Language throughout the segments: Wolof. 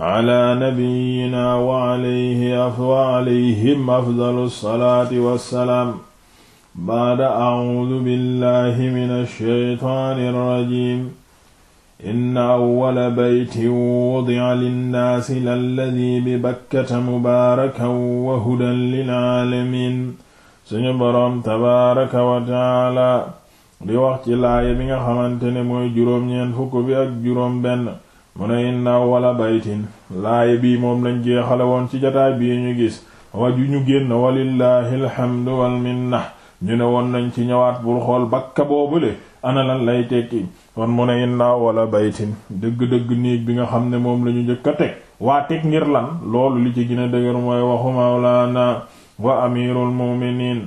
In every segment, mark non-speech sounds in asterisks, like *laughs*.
ala nabiyyina wa alayhi wa alayhim afdalu salaati wassalaam baada a'uudu billahi mina shaytaani rajiim inna awwala baytin wudi'a linnaasi lalladii bi bakkata mubaarakan wa hudan lil'aalamiin suñu boroom tabaaraka wa ta'aala di wax ci laaya bi nga xamante ne mooy juróom-ñeent fukk bi ak juróom benn mu ne inna wala baytin laaye bii moom lañ jeexale woon ci jataay bii ñu gis waju ñu génn walillahi alhamdu wal minna ñu ne woon nañ ci ñëwaat bul xool bakka boobule ana lan lay tekki kon mu ne inna wala baytin dëgg-dëgg néeg bi nga xam ne moom lañu ñu njëkk a teg waa teg ngir lan loolu li ci gën a dëgër mooy waxu mawlaana wa amirul mu'minin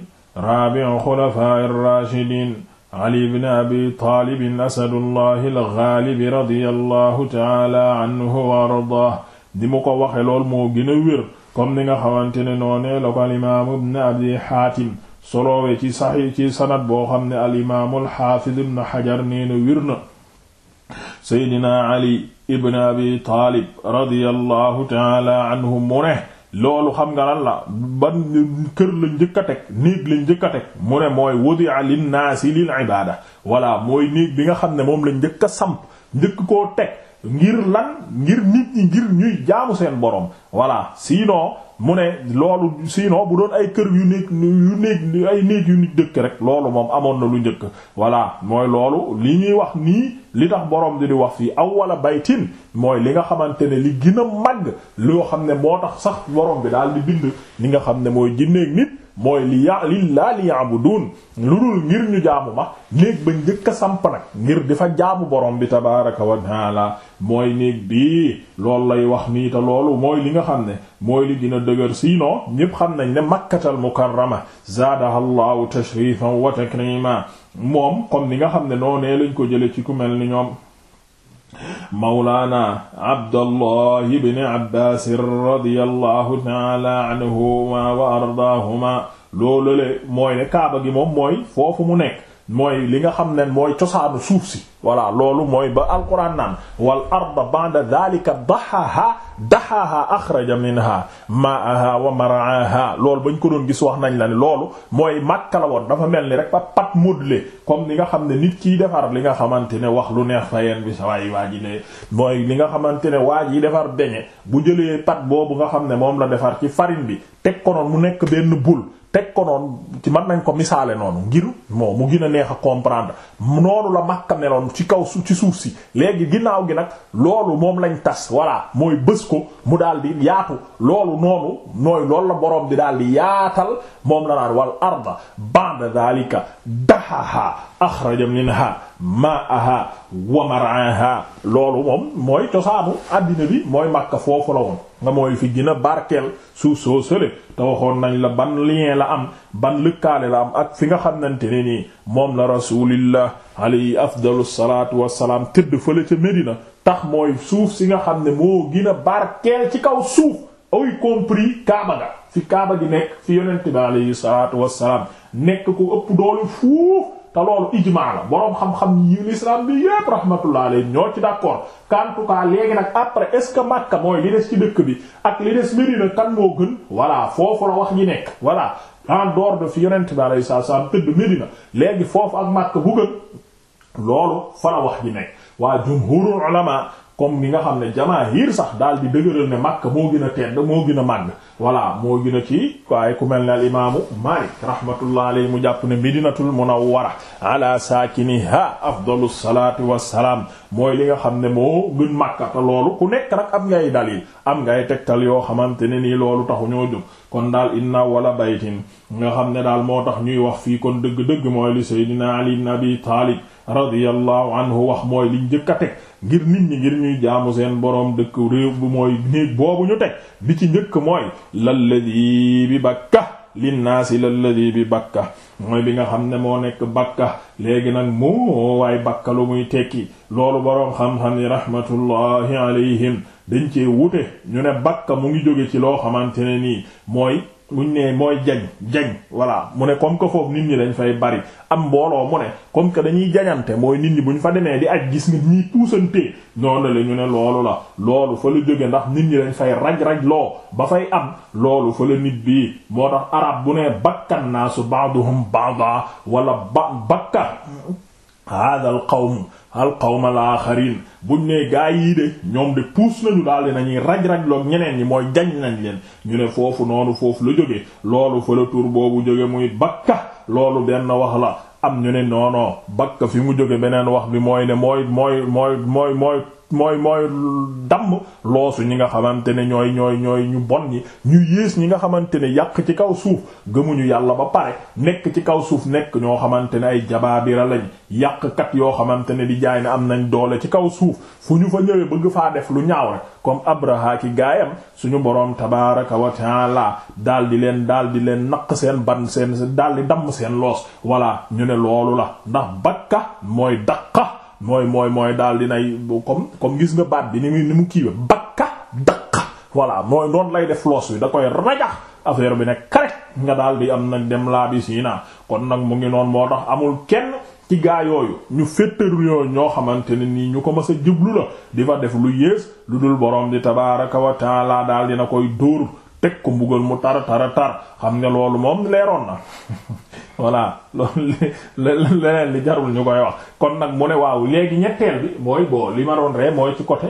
rabi'u xulafa'ir rashidin ali ibn abi taalibin asadullahi alxaalibi radiyallahu taala anhu wa ardah di mu ko waxe lool moo gën a wér comme ni nga xamante ne noonee la ko alimaam ibn abi xaatim soloowe ci saxi ci sanad boo xam ne alimaam alxaafid ibn xajar nee na wér na seydina ali ibn abi taalib radiyallahu taala anhu mu ne loolu xam nga lan la ban kër la njëkk a teg néeg lañ njëkk a teg mu ne mooy wudi'a linnaasi lil ibaada walla mooy néeg bi nga xam ne moom lañ njëkk a samp njëkk koo teg ngir lan ngir nit ñi ngir ñuy jaamu seen borom voilà sinon mu ne loolu sinon bu doon ay kër yu néeg yu néeg ay néeg yu nit dëkk rek loolu moom amoon na lu njëkk voilà mooy loolu li ñuy wax nii li tax borom di di wax fii awwala baytin mooy li nga xamante ne li gën a màgg loo xam ne moo tax sax borom bi daal di bind li nga xam ne mooy jinneeg nit mooy li ya lillaa li ya'budun lu dul ngir ñu jaamu ma néeg ba njëkk a samp nag ngir di jaamu borom bi tabaraka wa taala mooy néeg bii loolu lay wax nii te loolu mooy li nga xam ne mooy li dina dëgër sinon ñépp xam nañ ne makkatal mukarrama zaadaha allahu tashrifan wa takrima moom comme ni nga xam ne noonee lañ ko jële ci ku mel ni ñoom mawlaana abdallah ibn abbaas radiyallahu taala anhuma wa ardaahuma loolu le mooy ne kaaba gi moom mooy foofu mu nekk mooy li nga xam ne mooy cosaanu suuf si voilà loolu mooy ba alquran naan wal arda ba'da dhalika dahaha dahaha akhraja minha ma'aha wa mar'aha loolu bañ ko doon gis wax nañ la ne loolu mooy Makka la woon dafa mel ni rek ba pat modelé comme li nga xam ne nit kiy defar li nga xamante ne wax lu neex fa yeen bi sa waay waa ji ne mooy li nga xamante ne waa ji defar beñe bu jëlee pat boobu nga xam ne moom la defar ci farine bi teg ko noonu mu nekk benn boule teg ko noonu ci mën nañ ko misaale noonu ngir mu gën neex a comprendre noonu la Makka meloon ci kaw su ci suuf si léegi ginnaaw gi nag loolu moom lañ tas voilà mooy bës ko mu daal di yaatu loolu noonu nooy lool la boroom di daal di yaatal moom la naan wal arda ba'da dhalika dahaha akhraja minha ma'aha wa mar'aha loolu moom mooy cosaanu àddina bi mooy Makka foofu la woon nga mooy fi gën a barkeel suuf soo sële te waxoon nañ la ban lien la am ban lëkkaale la am ak fi nga xamante ne nii moom la rasulillah alayhi afdalu salaatu wassalaam tëdd fële ca Medina tax mooy suuf si nga xam ne moo gën a barkeel ci kaw suuf y compris Kaaba ga fi Kaaba gi nekk fi yonent bi alayhi salaatu wassalaam nekk ko ëpp doole fuuf te loolu ijmaa la boroom xam-xam yi l'islam bi yépp rahmatullah alayhi ñoo ci d'accord en tout cas léegi nag après est-ce que Makka mooy li des ci dëkk bi ak li des Medina kan moo gën voilà foofu la wax ji nekk voilà en dehors de fi yonent bi alayhi salaam tëdd Medina léegi foofu ak Makka bu gën loolu fara wax ji nekk waa jumhurul ulama kom ni nga xam ne jamaahir sax daal di dëgëral ne Makka moo gën a tedd moo gën a màgg voilà moo gën a kii waaye ku mel ne al imaamu Maalik rahmatullah alayhi mu jàpp ne Madinatul Munawwara ala saakiniha afdalu salaatu wassalaam mooy li nga xam ne moo gën Makka te loolu ku nekk nag am ngay dalil am ngay tegtal yoo xamante ne nii loolu taxu ñoo jóg kon daal inna wala baytin nga xam ne daal moo tax ñuy wax fii kon dëgg-dëgg mooy li Seydina Ali ibn Taalib radiyallahu anhu wax mooy liñ njëkk a teg ngir nit ñi ngir ñuy jaamu seen boroom dëkk réew bu mooy néeg boobu ñu teg bi ci njëkk mooy lalladi bi bakka linnaasi lalladi bi bakka mooy bi nga xam ne moo nekk bakka léegi nag moo waay bakka lu muy tekki loolu boroom xam-xam yi rahmatullahi alayhim dañ cee wute ñu ne bakka mu ngi jóge ci loo xamante ne nii mooy buñ nee mooy jañ jañ voilà mu ne comme que foofu nit ñi lañ fay bari am mbooloo mu ne comme que dañuy jañante mooy nit ñi ñu fa demee di aj gis nga ñiy puusantee noonu la ñu ne loolu la loolu fa la jóge ndax nit ñi lañ fay raj-raj loo ba fay am loolu fa la nit bi moo tax arab bu ne bakkan naa su ba'duhum ba'da walla ba bakka hada al qawm al qawm al aaxarin buñ ne gaa yii de ñoom de puus nañu daal di nañuy raj-raj loog ñeneen yi mooy jañ nañ leen ñu ne foofu noonu foofu la jóge loolu fa la tur boobu jóge muy bakka loolu benn wax la am ñu ne noono bakka fi mu jóge beneen wax bi mooy ne mooy mooy mooy mooy mooy mooy mooy damm loosu ñi nga xamante ne ñooy ñooy ñooy ñu bon yi ñu yées ñi nga xamante ne yàq ci kaw suuf gëmuñu yàlla ba pare nekk ci kaw suuf nekk ñoo xamante ne ay jabaabira yàq kat yoo xamante ne di jaay ne am nañ doole ci kaw suuf fu ñu fa ñëwee bëgg faa def lu ñaaw rek comme Abraha ki gaayam suñu boroom tabaaraka wa taala daal di leen daal di leen naq seen ban seen daldi di damm seen loos voilà ñu ne loolu la ndax bakka mooy daqa mooy mooy mooy daal dinay comme comme gis nga baat bi ni mu ni mu kiiwe bakka dakka voilà mooy noonu lay def loos wi da koy rajax affaire bi nekk karek nga daal di am nag dem laa bi siina kon nag mu ngi noonu moo tax amul kenn ci gaa yooyu ñu féttaru yooyu ñoo xamante ne nii ñu ko mas a jublu la di fa def lu yées lu dul borom di tabaraka wa taala daal dina koy dóor teg ko mbugal mu tara tara tar xam nga loolu moom leeroon na *laughs* voilà *laughs* loolu leneen li jarul ñu koy wax kon nag mu ne waaw léegi ñetteel bi mooy boo li ma doon ree mooy ci côté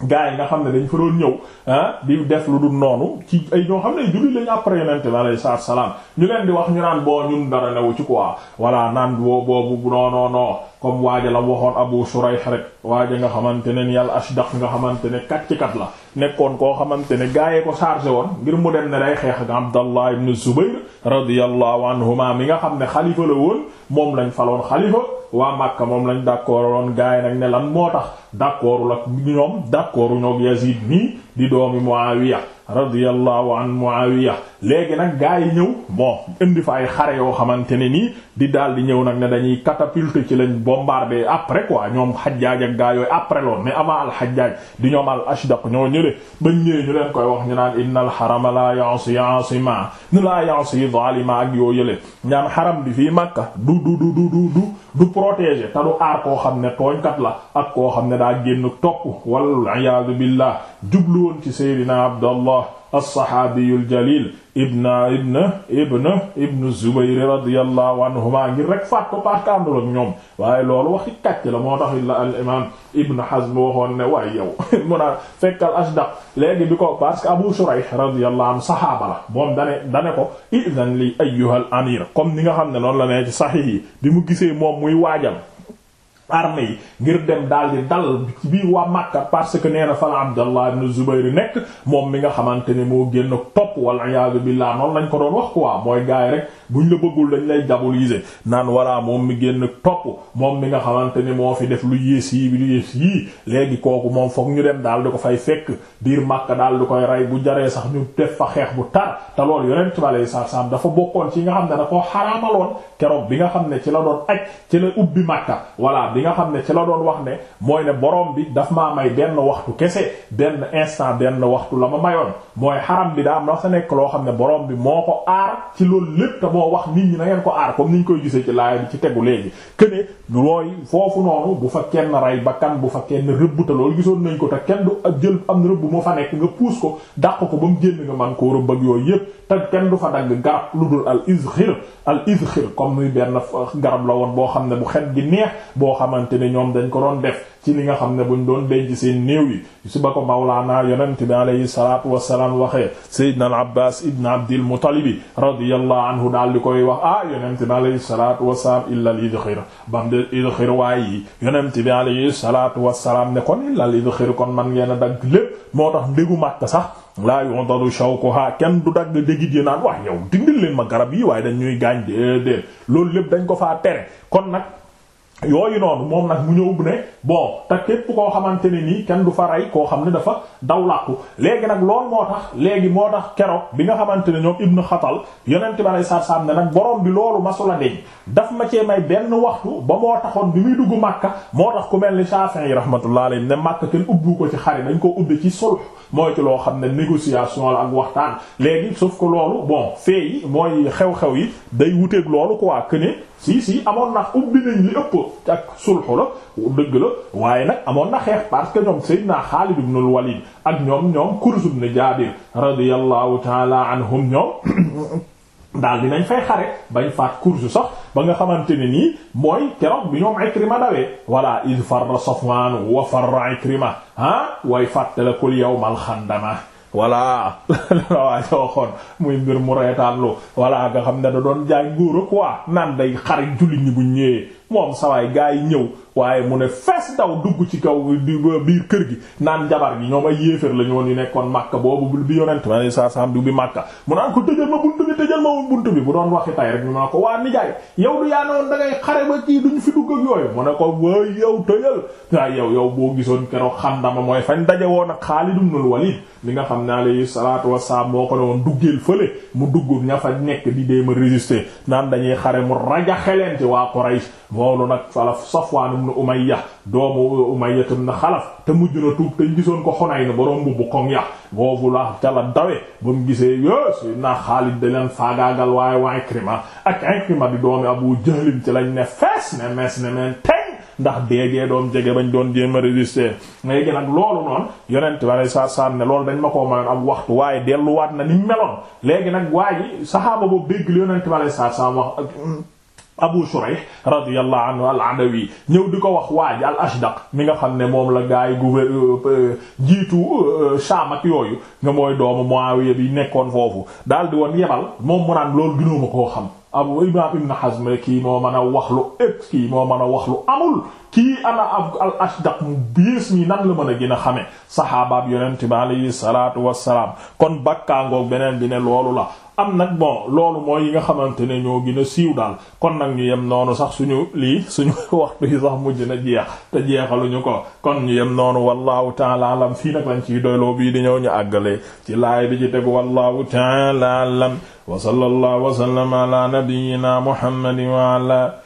gaa yi nga xam ne dañ fa doon ñëw ah di def lu dul noonu ci ay ñoo xam ne jullit lañu après yonent bi alayhi salaatu salaam ñu leen di wax ñu naan boo ñun dara newu ci quoi voilà naan boo boobu non non comme waaja la waxoon Abu Shurayh rek waaja nga xamante ne ni al-Ashdaq nga xamante ne kat ci kat la nekkoon koo xamante ne gaa yee ko chargé woon ngir mu dem ne day xeex ak Abdallah ibn Zubayr radiyallahu anhuma mi nga xam ne xalifa la woon moom lañ faloon xalifa waa Makka moom lañ d'accord woon gaay nag ne moo tax d'accordul ak ñoom d'accordu ñoog Yazid nii di doomi Muawiya radiyallahu an Muawiya léegi nag gaa yi ñëw bon indi fa ay xare yoo xamante ne nii di daal di ñëw nag ne dañuy catapulte ci lañ bombardé après quoi ñoom Hajjaj ak gaa yooyu après lool mais avant al Hajjaj di ñoom al Ashdaq ñoo ñële bañ ñëwee ñu leen koy wax ñu naan inna al harama la ya'si asima nu la ya'si zalima ak yoo yële ñaan xaram bi fi Makka du du du du du du protéger te du aar koo xam ne tooñkat la ak koo xam ne daa génn topp wa iyaadu alsaxaabiyul jalil ibna ibna ibna ibnu zubayr radiyallahu anhuma ngir rek faat ko parce que àndul ak ñoom waaye loolu waxi kàcc la moo tax la al imam ibn hazm waxoon ne waaye yow *laughs* mun a fekkal ashdaq léegi bi ko parce que abu shurayh radiyallahu anhu saxaaba la moom dane dane ko idan li ayyuha al amir comme ni nga xam ne noonu la nee ci saxiix yi bi mu gisee moom muy waajal armée yi ngir dem daal di dal ci biir waa Makka parce que nee na fala Abdallah ibn Zubayr nekk moom mi nga xamante ne moo génn topp wala iyaadu billah noonu lañ ko doon wax quoi mooy gaay rek buñ la bëggul dañ lay diaboliser naan walla moom mi génn topp moom mi nga xamante ne moo fi def lu yées yi yii léegi kooku moom foog ñu dem daal di ko fay fekk biir Makka daal di koy rey bu jaree sax ñu def fa xeex bu tar te loolu yonent bi alayhi salaam dafa bokkoon ci nga xam ne da koo xaraamaloon keroog bi nga xam ne ci la doon aj ci la ubbi Makka li nga xam ne ci la doon wax ne mooy ne borom bi daf maa may benn waxtu kese benn instant benn waxtu la ma mayoon mooy xaram bi daa am na sa nekk loo xam ne boroom bi moo ko aar ci loolu lépp te moo wax nit ñi na ko aar comme ni ñu koy gisee ci laay ci tegu léegi këne mooy foofu noonu bu fa kenn rey kan bu fa kenn rëbb te loolu gisoon nañ ko te kenn du ak jël am rëbb moo fa nekk nga puus ko dàq ko ba mu génn nga man koo rëbb ak yooyu yépp te kenn du fa dagg garab lu dul al izxir al izxir comme muy benn garab la woon boo xam ne bu xet gi xamante ne ñoom dañ ko doon def ci li nga xam ne buñ doon denc seen néew yi su ba ko mawlaana yonent bi alayhi salaatu wassalaam waxee sayyidna al abbas ibn abdil mutalibi radiyallahu anhu daal di koy wax ah yonent bi alayhi salaatu wa illa al idxir bam de idxir waay yi yonent bi alayhi salaatu wassalaam ne kon illa al idxir kon man ngeen a dagg lépp moo tax ndégu màkk sax laa yondalu shawkuha kenn du dagg dégit yi naan wax yow dindil leen ma garab yi waaye dañ ñuy gaañ déedéet loolu lépp yooyu noonu moom nag mu ñëw bu ne bon te képp koo xamante ne nii kenn du fa rey koo xam ne dafa daw làqu léegi nag loolu moo tax léegi moo tax keroog bi nga xamante ne ñoom ibnu xatal yonent bi alei satu salaam ne nag boroom bi loolu masula deñ daf ma cee may benn waxtu ba moo taxoon bi muy dugg màkka moo tax ku mel ni Shafi'i yi rahmatullah alayhi ne màkka kenn ubbu ko ci yi dañ ko ubbi ci sulh mooy ci loo xam ne négociation la ak waxtaan léegi sauf loolu bon fee yi xew-xew yi day wuteeg loolu quoi que ne si si amoon na ubbi nañ li ëpp ak sulxu la dëgg la waaye nag amoon na xeex parce que ñoom Seydina Xaalid ibn al-Walid ak ñoom ñoom Kurz ibn Jaabir radiyallahu taala anhum ñoom *coughs* daal dinañ fay xare bañ faat Kurz sax ba nga xamante ne nii mooy keroog bi ñoom Ikrima dawee walla iz farra Safwaan wa farra Ikrima ah way fàttalikul yawmal xandama la *laughs* waaw soo xoon muy mbir mu reetaanlu voilà nga xam ne da doon jaay nguur quoi naan day xarit jullit ñi bu ñëwee moom sawaay gaa yi ñëw waaye mu ne fees daw dugg ci kaw biir kër gi naan jabar gi ñoo ay yéeféer lañu ñu woon yu nekkoon Makka boobu bi yonent ma ne saa sam bi bi Makka mu naan ko tëjal ma bunt bi tëjal ma woon bi bu doon waxi tay rek ñu naa ko waa nijaay yow du yaa ne woon da ngay xare ba kii duñ fi dugg ak yooyu mu ne ko waay yow tëjal waay yow yow boo gisoon keroog xandama mooy fañ daje woon ak Xaalid ibn Walid li nga xam ne alayhi salaatu wassalaam moo ko ne woon duggeel fële mu dugg ña fa nekk di dee ma résister naan dañuy xare mu rajaxe leen ci waa Quraysh loolu nag falaf Safwaan ibn Umayya doomu Umayya ibn Xalaf te mujj na tuub te ñu gisoon ko Xunayn boroom bu bu koŋ ya boobu la ca la dawe ba mu gisee yo Seydina Xaalid da leen faagaagal waaye waa Ikrima ak Ikrima di doomi Abu Jahl ci lañ ne fees ne mees ne meen ndax déegee doom jege bañ doon jéem a résister léegi nag loolu noonu yonent bare sa sanne lool dañ ma ko mayoon am waxtu waaye delluwaat na ni meloon léegi nag waa ji saxaaba Abu Shurayh radiyallahu anhu al-Adawi ñëw di ko wax waaj al-Ashdaq mi nga xam ne moom la gaay gouver euh, euh, jiitu euh, Sham ak yooyu nga mooy doomu Muawiya bi nekkoon foofu daal di woon yebal moom mu naan loolu gënooma koo xam Abu Ibrahim ibn kii moo mën a wax lu ëpp kii moo mën a wax lu amul kii ana ab al ashdaq mu biis mi nan la mën a gën a xamee saxaabaab yonent bi alayhi salaatu wassalaam kon bakkaangoog beneen bi ne loolu la am nag bon loolu mooy yi nga xamante ne ñoo gën a siiw daal kon nag ñu yem noonu sax suñu lii su suñu *laughs* waxtu yi sax mujj na jeex te jeexaluñu ko kon ñu yem noonu wallahu taala alam fii nag lañ ciy doyloo bii di ñëw ñu àggale ci laay bi ci tegu wallahu taala alam wa sallallahu wa sallama ala nabiyyina wa ala